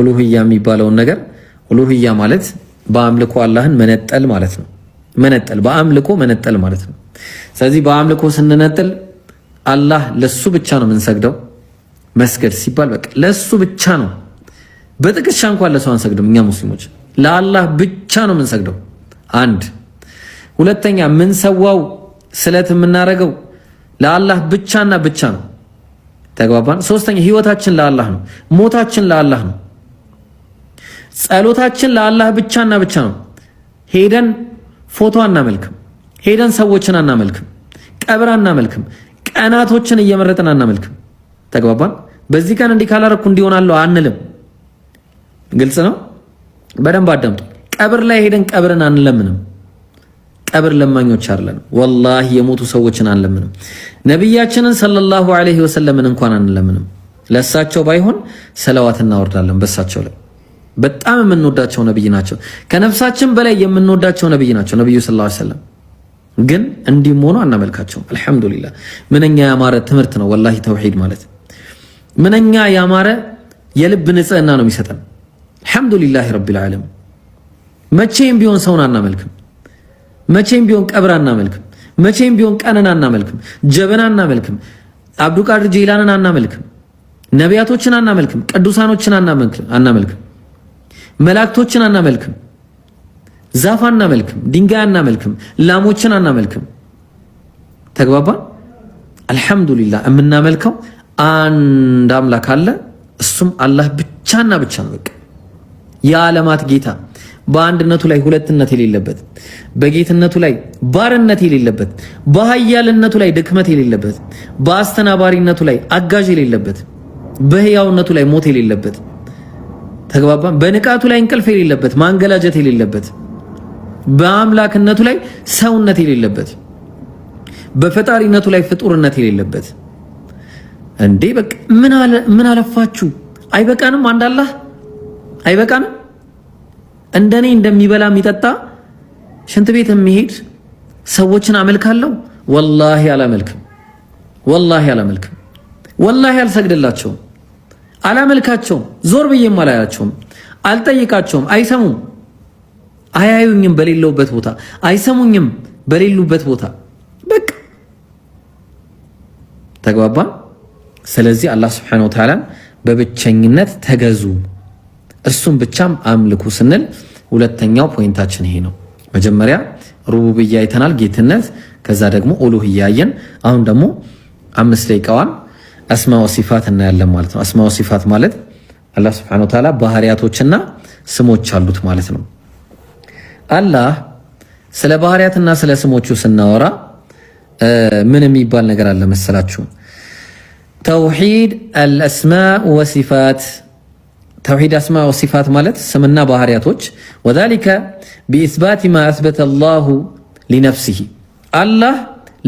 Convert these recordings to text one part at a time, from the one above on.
ኡሉህያ የሚባለውን ነገር ኡሉህያ ማለት በአምልኮ አላህን መነጠል ማለት ነው። መነጠል በአምልኮ መነጠል ማለት ነው። ስለዚህ በአምልኮ ስንነጥል አላህ ለሱ ብቻ ነው የምንሰግደው። መስገድ ሲባል በቃ ለሱ ብቻ ነው። በጥቅሻ እንኳን ለሰው አንሰግድም። እኛ ሙስሊሞች ለአላህ ብቻ ነው የምንሰግደው። አንድ ሁለተኛ፣ የምንሰዋው ስለት የምናደርገው ለአላህ ብቻና ብቻ ነው። ተግባባን። ሶስተኛ፣ ህይወታችን ለአላህ ነው። ሞታችን ለአላህ ነው። ጸሎታችን ለአላህ ብቻና ብቻ ነው። ሄደን ፎቶ አናመልክም። ሄደን ሰዎችን አናመልክም። ቀብር አናመልክም። ቀናቶችን እየመረጥን አናመልክም። ተግባባን። በዚህ ቀን እንዲህ ካላረኩ እንዲሆናለሁ አንልም። ግልጽ ነው። በደንብ አዳምጡ። ቀብር ላይ ሄደን ቀብርን አንለምንም። ቀብር ለማኞች አይደለም። ወላሂ የሞቱ ሰዎችን አንለምንም። ነቢያችንን ሰለላሁ ዐለይሂ ወሰለምን እንኳን አንለምንም። ለእሳቸው ባይሆን ሰለዋት እናወርዳለን በእሳቸው ላይ በጣም የምንወዳቸው ነብይ ናቸው። ከነፍሳችን በላይ የምንወዳቸው ነብይ ናቸው ነብዩ ሰለላሁ ዐለይሂ ወሰለም። ግን እንዲህም ሆኖ አናመልካቸውም። አልሐምዱሊላህ ምንኛ ያማረ ትምህርት ነው ወላሂ ተውሂድ ማለት ምንኛ ያማረ የልብ ንጽህና ነው የሚሰጠን። አልሐምዱሊላህ ረቢል ዓለሚን። መቼም ቢሆን ሰውን አናመልክም። መቼም ቢሆን ቀብር አናመልክም። መቼም ቢሆን ቀንን አናመልክም። ጀበና አናመልክም። አብዱቃድር ጄላንን አናመልክም። ነቢያቶችን አናመልክም። ቅዱሳኖችን አናመልክም። መላእክቶችን አናመልክም፣ ዛፍ አናመልክም፣ ድንጋይ አናመልክም፣ ላሞችን አናመልክም። ተግባባ። አልሐምዱሊላህ የምናመልከው አንድ አምላክ አለ። እሱም አላህ ብቻና ብቻ ነው። የዓለማት ጌታ በአንድነቱ ላይ ሁለትነት የሌለበት፣ በጌትነቱ ላይ ባርነት የሌለበት፣ በሀያልነቱ ላይ ድክመት የሌለበት፣ በአስተናባሪነቱ ላይ አጋዥ የሌለበት፣ በህያውነቱ ላይ ሞት የሌለበት ተግባባን። በንቃቱ ላይ እንቅልፍ የሌለበት ማንገላጀት የሌለበት በአምላክነቱ ላይ ሰውነት የሌለበት በፈጣሪነቱ ላይ ፍጡርነት የሌለበት። እንዴ በቃ ምን አለፋችሁ? አይበቃንም? አንድ አላህ አይበቃንም? እንደኔ እንደሚበላ የሚጠጣ ሽንት ቤት የሚሄድ ሰዎችን አመልካለሁ? ወላሂ አላመልክም። ወላሂ አላመልክም። ወላሂ አልሰግድላቸውም። አላመልካቸውም፣ ዞር ብዬም አላያቸውም፣ አልጠይቃቸውም። አይሰሙም፣ አያዩኝም፣ በሌለውበት ቦታ አይሰሙኝም፣ በሌሉበት ቦታ በቃ ተግባባ። ስለዚህ አላህ ስብሐነሁ ወተዓላ በብቸኝነት ተገዙ፣ እርሱም ብቻም አምልኩ ስንል ሁለተኛው ፖይንታችን ይሄ ነው። መጀመሪያ ሩቡብያ አይተናል፣ ጌትነት። ከዛ ደግሞ ኡሉህያ አየን። አሁን ደግሞ አምስት ደቂቃዋን አስማ ወሲፋት እናያለን ማለት ነው። አስማ ሲፋት ማለት አላህ ሱብሓነሁ ወተዓላ ባህሪያቶችና ስሞች አሉት ማለት ነው። አላህ ስለ ባህሪያትና ስለ ስሞቹ ስናወራ ምን የሚባል ነገር አለ መሰላችሁ? ተውሂድ አልአስማ ወሲፋት ተውሂድ አስማ ወሲፋት ማለት ስምና ባህሪያቶች ወዛሊከ ቢኢስባት ማ አስበተ አላሁ ሊነፍሲሂ አላህ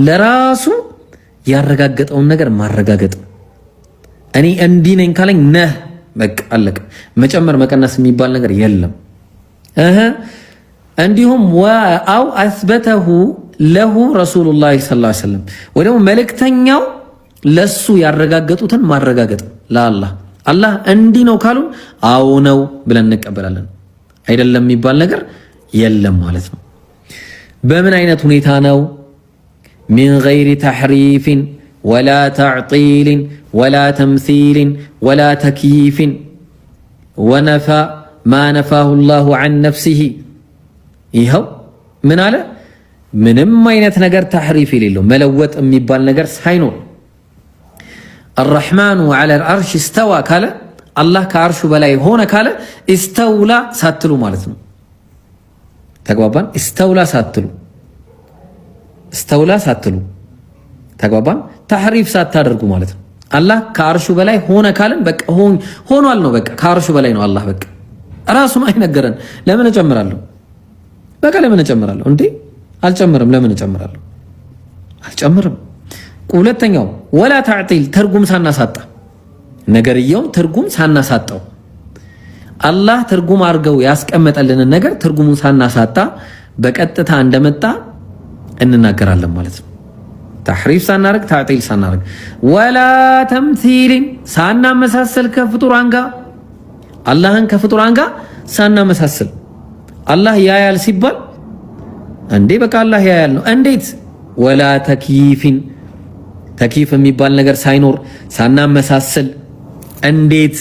ለራሱ ያረጋገጠውን ነገር ማረጋገጥ እኔ እንዲህ ነኝ ካለኝ ነህ፣ በቃ አለቀ። መጨመር መቀነስ የሚባል ነገር የለም። እንዲሁም አው አስበተሁ ለሁ ረሱሉላህ ሰለላሁ ዐለይሂ ወሰለም ወይ ደግሞ መልእክተኛው ለሱ ያረጋገጡትን ማረጋገጥ ለአላህ አላህ እንዲህ ነው ካሉን አዎ ነው ብለን እንቀበላለን። አይደለም የሚባል ነገር የለም ማለት ነው። በምን አይነት ሁኔታ ነው ሚን ገይሪ ተሕሪፊን ወላ ተዕጢልን ወላ ተምሲልን ወላ ተክይፍን ወነፋ ማ ነፋሁ ላሁ ዐን ነፍሲሂ። ይኸው ምን አለ? ምንም አይነት ነገር ታሕሪፍ የሌለው መለወጥ የሚባል ነገር ሳይኖር አረሕማኑ ዐለል አርሽ እስተዋ ካለ አላህ ከአርሹ በላይ ሆነ ካለ እስተውላ ሳትሉ ማለት ነው። ተግባባን? እስተውላ ሳትሉ እስተውላ ሳትሉ ተግባባን። ተሕሪፍ ሳታደርጉ ማለት ነው። አላህ ከአርሹ በላይ ሆነ ካልን በቃ ሆኗል ነው። በቃ ከአርሹ በላይ ነው አላህ። በቃ ራሱም አይነገረን። ለምን እጨምራለሁ? በቃ ለምን እጨምራለሁ እንዴ? አልጨምርም። ለምን እጨምራለሁ? አልጨምርም። ሁለተኛው ወላ ተዕጢል ትርጉም ሳናሳጣ ነገርየውም ትርጉም ሳናሳጣው አላህ ትርጉም አድርገው ያስቀመጠልንን ነገር ትርጉሙን ሳናሳጣ በቀጥታ እንደመጣ እንናገራለን ማለት ነው። ተሕሪፍ ሳናረግ ታዕጢል ሳናረግ ወላ ተምሲልን ሳናመሳሰል ከፍጡራን ጋር አላህን ከፍጡራን ጋር ሳናመሳሰል አላህ ያያል ሲባል እንዴ በቃ አላህ ያያል ነው። እንዴት ወላ ተክይፊን ተክይፍ የሚባል ነገር ሳይኖር ሳናመሳሰል እንዴት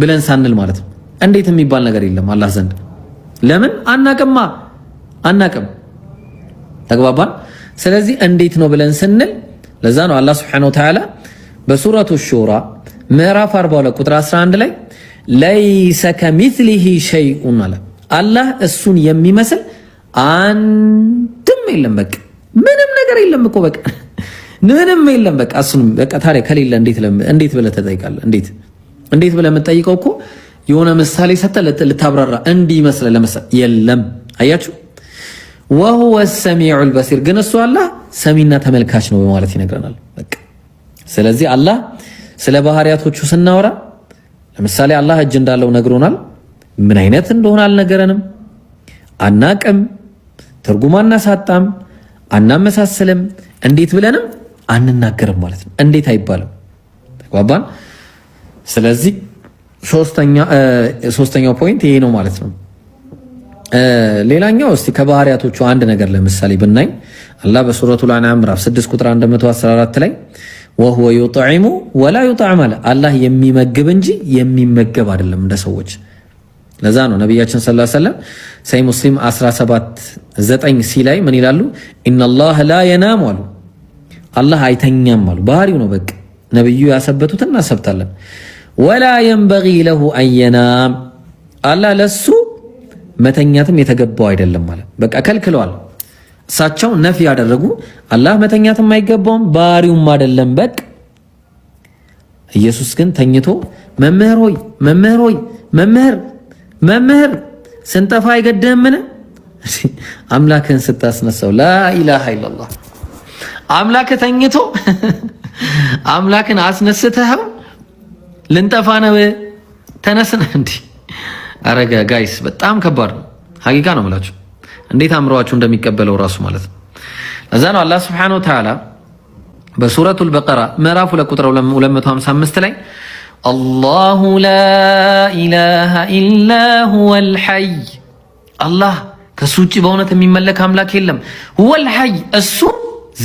ብለን ሳንል ማለት ነው። እንዴት የሚባል ነገር የለም አላህ ዘንድ። ለምን አናቅማ፣ አናቅም። ተግባባን። ስለዚህ እንዴት ነው ብለን ስንል ለዛ ነው አላህ ሱብሓነሁ ወተዓላ በሱረቱ ሹራ ምዕራፍ 42 ቁጥር 11 ላይ ለይሰ ከሚስሊሂ ሸይኡን አለ። አላህ እሱን የሚመስል አንድም የለም። በቃ ምንም ነገር የለም እኮ በቃ ምንም የለም። በቃ እሱን በቃ ታዲያ ከሌለ እንዴት ብለህ ትጠይቃለህ? እንዴት እንዴት ብለህ የምትጠይቀው እኮ የሆነ ምሳሌ ሰጠህ ልታብራራ እንዲህ ይመስለህ ለመሰለህ የለም። አያችሁ ወሁወ ሰሚዑል በሲር ግን እሱ አላህ ሰሚና ተመልካች ነው በማለት ይነግረናል። ስለዚህ አላህ ስለ ባህሪያቶቹ ስናወራ ለምሳሌ አላህ እጅ እንዳለው ነግሮናል። ምን አይነት እንደሆነ አልነገረንም። አናቅም፣ ትርጉም አናሳጣም፣ አናመሳሰልም እንዴት ብለንም አንናገርም ማለት ነው። እንዴት አይባልም። ተግባባን። ስለዚህ ሶስተኛው ፖይንት ይሄ ነው ማለት ነው። ሌላኛው እስቲ ከባህሪያቶቹ አንድ ነገር ለምሳሌ ብናኝ አላህ በሱረቱ አንዓም ምዕራፍ 6 ቁጥር 114 ላይ ወሁወ ዩጥዒሙ ወላ ዩጥዓም አለ። አላህ የሚመግብ እንጂ የሚመገብ አይደለም እንደ ሰዎች። ለዛ ነው ነቢያችን ስ ሰለም ሰይ ሙስሊም 179 ሲ ላይ ምን ይላሉ? ኢነላህ ላ የናም አሉ። አላህ አይተኛም አሉ። ባህሪው ነው በቃ። ነብዩ ያሰበቱት እናሰብታለን። ወላ የንበጊ ለሁ አንየናም አላህ ለሱ መተኛትም የተገባው አይደለም ማለት በቃ ከልክለዋል። እሳቸው ነፍ ያደረጉ አላህ መተኛትም አይገባውም ባህሪውም አይደለም። በቅ ኢየሱስ ግን ተኝቶ መምህር ሆይ መምህር ሆይ መምህር መምህር ስንጠፋ አይገድህምን? አምላክን ስታስነሳው ላኢላሃ ኢላላህ አምላክ ተኝቶ አምላክን አስነስተኸው ልንጠፋ ነው ተነስና እንዲህ አረገ ጋይስ በጣም ከባድ ነው። ሀቂቃ ነው የምላችሁ እንዴት አእምሯችሁ እንደሚቀበለው ራሱ ማለት ነው። ለዛ ነው አላህ ሱብሓነሁ ወተዓላ በሱረቱል በቀራ ምዕራፍ 2 ቁጥር 255 ላይ አላሁ ላ ኢላሃ ኢላ ሁወል ሐይ አላህ ከሱ ውጭ በእውነት የሚመለክ አምላክ የለም። ሁወል ሐይ እሱ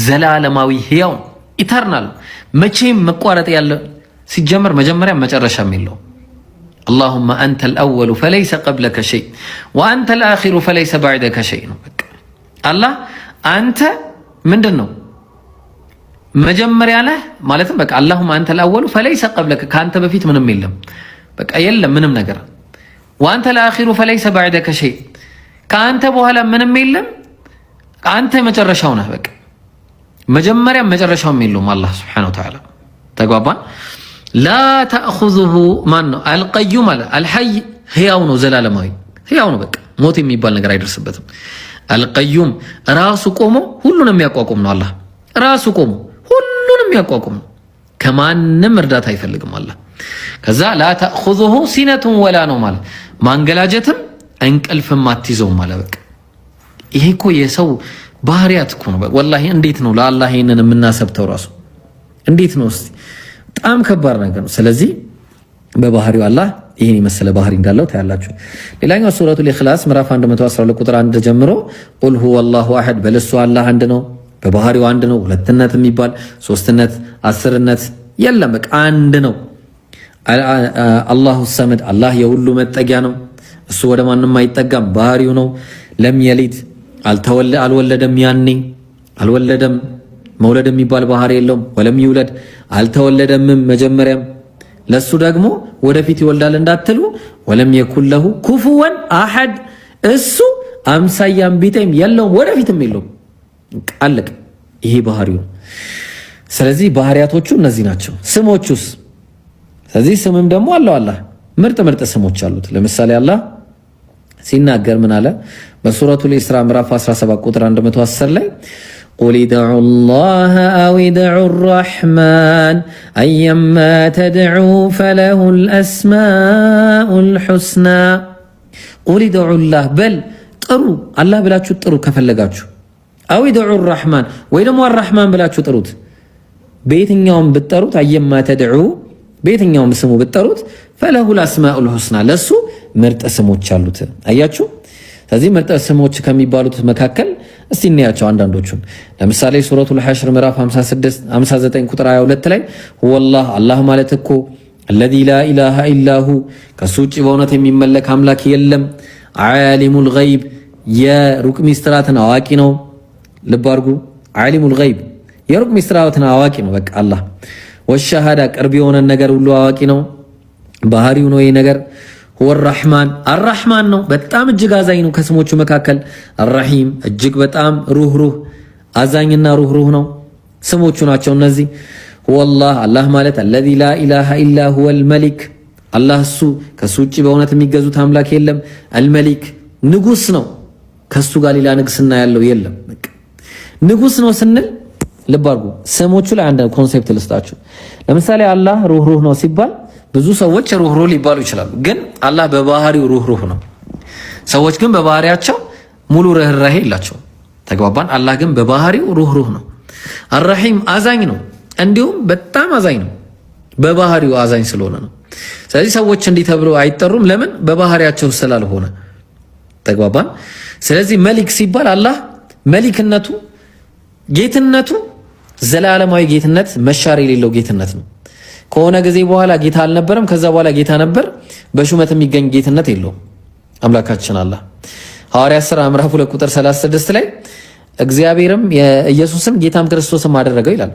ዘላለማዊ ሕያው ኢተርናል መቼም መቋረጥ ያለ ሲጀመር መጀመሪያ መጨረሻም የለውም። አላሁማ አንተ አወሉ ፈለይሰ ቀብለከ ሸይ ወአንተ አኺሩ ፈለይሰ ባዕደከ ሸይ ነው። አላህ አንተ ምንድን ነው መጀመሪያ ነህ ማለትም በቃ አላሁማ አንተ አወሉ ፈለይሰ ቀብለከ ከአንተ በፊት ምንም የለም፣ በቃ የለም ምንም ነገር። ወአንተል አኺሩ ፈለይሰ ባዕደከ ሸይ ከአንተ በኋላ ምንም የለም፣ አንተ መጨረሻው ነህ። በቃ መጀመሪያም መጨረሻውም የለውም አላህ ሱብሓነሁ ወተዓላ። ተግባባን። ላ ተእዙሁ ማን ነው? አልቀዩም አለ። አልሐይ ህያው ነው፣ ዘላለማዊ ህያው ነው። በቃ ሞት የሚባል ነገር አይደርስበትም። አልቀዩም ራሱ ቆሞ ሁሉንም የሚያቋቁም ነው። አላህ ራሱ ቆሞ ሁሉንም የሚያቋቁም ነው። ከማንም እርዳታ አይፈልግም አላህ። ከዛ ላ ተእዙሁ ሲነቱን ወላ ነው ማለት ማንገላጀትም እንቅልፍም አትይዘውም አለ። በቃ ይሄ እኮ የሰው ባህሪያት እኮ ነው። ወላሂ እንዴት ነው ለአላህ ይህንን የምናሰብተው ራሱ እንዴት ነው እስቲ በጣም ከባድ ነገር ነው። ስለዚህ በባህሪው አላህ ይህን የመሰለ ባህሪ እንዳለው ታያላችሁ። ሌላኛው ሱረቱ ኢኽላስ ምዕራፍ 112 ቁጥር 1 ጀምሮ ቁል ሁ አላሁ አሐድ በልሱ አላህ አንድ ነው፣ በባህሪው አንድ ነው። ሁለትነት የሚባል ሶስትነት፣ አስርነት የለም። በቃ አንድ ነው። አላሁ ሰመድ አላህ የሁሉ መጠጊያ ነው። እሱ ወደ ማንም አይጠጋም፣ ባህሪው ነው። ለም የሊድ አልወለደም፣ ያኔ አልወለደም። መውለድ የሚባል ባህሪ የለውም። ወለም ይውለድ አልተወለደምም። መጀመሪያም ለሱ ደግሞ ወደፊት ይወልዳል እንዳትሉ፣ ወለም የኩን ለሁ ኩፉወን አሐድ እሱ አምሳያም ቢጤም የለውም ወደፊትም የለውም። ቃልቅ ይሄ ባህሪው። ስለዚህ ባህሪያቶቹ እነዚህ ናቸው። ስሞቹስ? ስለዚህ ስምም ደግሞ አለው አላህ ምርጥ ምርጥ ስሞች አሉት። ለምሳሌ አላህ ሲናገር ምን አለ? በሱረቱል ኢስራ ምዕራፍ 17 ቁጥር 110 ላይ قل ادعوا الله او ادعوا الرحمن ايما تدعوا فله الاسماء الحسنى قل ادعوا الله بل طروا الله بلا تشطروا كفلقاتشو او ادعوا الرحمن وين هو الرحمن بلا تشطروت بيتن يوم بتروت ايما تدعوا بيتن يوم بسمو بتروت فله الاسماء الحسنى لسو مرت اسمو تشالوت اياتشو تزي مرت اسمو تشكمي بالوت مكاكل እስቲ እንያቸው አንዳንዶቹን። ለምሳሌ ሱረቱል ሐሽር ምዕራፍ 59 ቁጥር 22 ላይ ወላህ አላህ ማለት እኮ አለዚ ላኢላሃ ኢላሁ ከሱ ውጭ በእውነት የሚመለክ አምላክ የለም። ዓሊሙል ገይብ የሩቅ ሚስጥራትን አዋቂ ነው። ልብ አድርጉ። ዓሊሙል ገይብ የሩቅ ሚስጥራትን አዋቂ ነው። በቃ አላህ ወሸሃዳ ቅርብ የሆነን ነገር ሁሉ አዋቂ ነው። ባህሪው ነው ይህ ነገር ወራህማን አራህማን ነው። በጣም እጅግ አዛኝ ነው። ከስሞቹ መካከል አራሂም እጅግ በጣም ሩህሩህ አዛኝና ሩህሩህ ነው። ስሞቹ ናቸው እነዚህ። ወላህ አላህ ማለት አለዚ ላኢላሃ ኢላ ሁወል መሊክ አላህ እሱ ከሱ ውጭ በእውነት የሚገዙት አምላክ የለም። አልመሊክ ንጉስ ነው። ከሱ ጋር ሌላ ንግስና ያለው የለም። ንጉስ ነው ስንል ልብ አድርጉ። ስሞቹ ላይ አንድ ኮንሴፕት ልስጣችሁ። ለምሳሌ አላህ ሩህሩህ ነው ሲባል ብዙ ሰዎች ሩህሩህ ሊባሉ ይችላሉ፣ ግን አላህ በባህሪው ሩህሩህ ነው። ሰዎች ግን በባህሪያቸው ሙሉ ርህራሄ የላቸው ተግባባን። አላህ ግን በባህሪው ሩህሩህ ነው። አራሒም አዛኝ ነው፣ እንዲሁም በጣም አዛኝ ነው። በባህሪው አዛኝ ስለሆነ ነው። ስለዚህ ሰዎች እንዲህ አይጠሩም። ለምን? በባህሪያቸው ስላልሆነ። ተግባባን። ስለዚህ መሊክ ሲባል አላህ መሊክነቱ ጌትነቱ ዘላለማዊ ጌትነት መሻር የሌለው ጌትነት ነው። ከሆነ ጊዜ በኋላ ጌታ አልነበረም፣ ከዛ በኋላ ጌታ ነበር። በሹመት የሚገኝ ጌትነት የለውም። አምላካችን አላ ሐዋርያት 10 ምዕራፍ 2 ቁጥር 36 ላይ እግዚአብሔርም የኢየሱስን ጌታም ክርስቶስም አደረገው ይላል።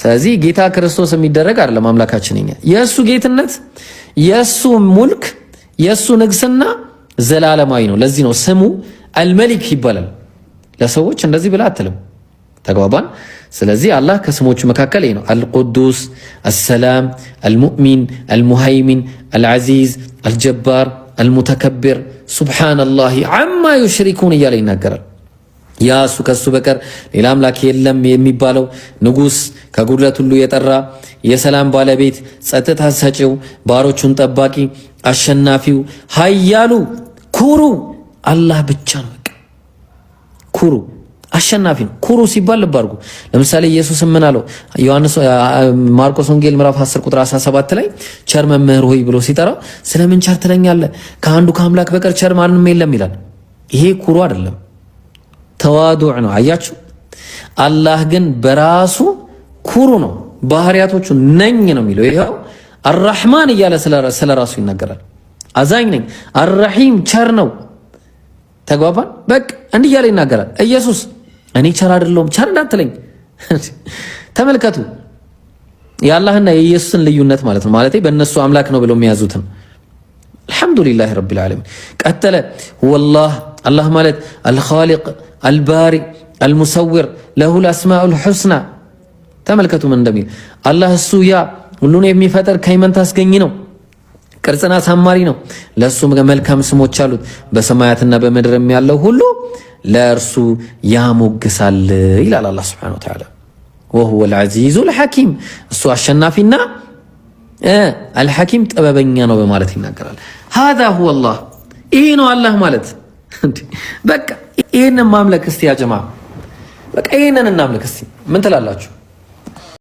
ስለዚህ ጌታ ክርስቶስ የሚደረግ አይደለም። አምላካችን እኛ የእሱ ጌትነት የእሱ ሙልክ የእሱ ንግስና ዘላለማዊ ነው። ለዚህ ነው ስሙ አልመሊክ ይባላል። ለሰዎች እንደዚህ ብላ አትልም። ተግባባን። ስለዚህ አላህ ከስሞቹ መካከል ይህ ነው፣ አልቁዱስ፣ አሰላም፣ አልሙእሚን፣ አልሙሃይሚን፣ አልዓዚዝ፣ አልጀባር፣ አልሙተከብር፣ ሱብሓነላህ አማ ዩሽሪኩን እያለ ይናገራል። ያ እሱ ከሱ በቀር ሌላ አምላክ የለም የሚባለው ንጉስ ከጉድለት ሁሉ የጠራ የሰላም ባለቤት ጸጥታ ሰጪው ባሮቹን ጠባቂ አሸናፊው ሀያሉ ኩሩ አላህ ብቻ ነው። ኩሩ አሸናፊ ነው። ኩሩ ሲባል ልብ አድርጉ። ለምሳሌ ኢየሱስ ምን አለው? ዮሐንስ ማርቆስ ወንጌል ምዕራፍ 10 ቁጥር 17 ላይ ቸር መምህር ሆይ ብሎ ሲጠራው ስለምን ቸር ትለኛለህ? ከአንዱ ከአምላክ በቀር ቸር ማንም የለም ይላል። ይሄ ኩሩ አይደለም፣ ተዋዱዕ ነው። አያችሁ፣ አላህ ግን በራሱ ኩሩ ነው። ባህሪያቶቹ ነኝ ነው የሚለው። ይኸው አራህማን እያለ ስለ ራሱ ይናገራል። አዛኝ ነኝ፣ አራሂም ቸር ነው። ተግባባን። በቃ እንዲህ እያለ ይናገራል ኢየሱስ እኔ ቸር አይደለሁም። ቸር እንዳትለኝ። ተመልከቱ የአላህና የኢየሱስን ልዩነት ማለት ነው። ማለቴ በእነሱ አምላክ ነው ብለው የሚያዙትን አልሐምዱሊላህ ረቢል ዓለሚን። ቀጠለ ወላህ አላህ ማለት አልኻሊቅ አልባሪ አልሙሰውር ለሁል አስማኡል ሑስና። ተመልከቱ ምን እንደሚል አላህ እሱ ያ ሁሉን የሚፈጠር ከይመን ታስገኝ ነው ቅርጽን አሳማሪ ነው። ለእሱ መልካም ስሞች አሉት። በሰማያትና በምድርም ያለው ሁሉ ለእርሱ ያሞግሳል ይላል አላህ ሱብሓነሁ ወተዓላ። ወሁወ ልዐዚዙ ልሐኪም እሱ አሸናፊና አልሐኪም ጥበበኛ ነው በማለት ይናገራል። ሃዛ ሁወ አላህ ይሄ ነው አላህ ማለት። በቃ ይህንን ማምለክ እስቲ ያጀማ፣ በቃ ይህንን እናምልክ እስቲ። ምን ትላላችሁ?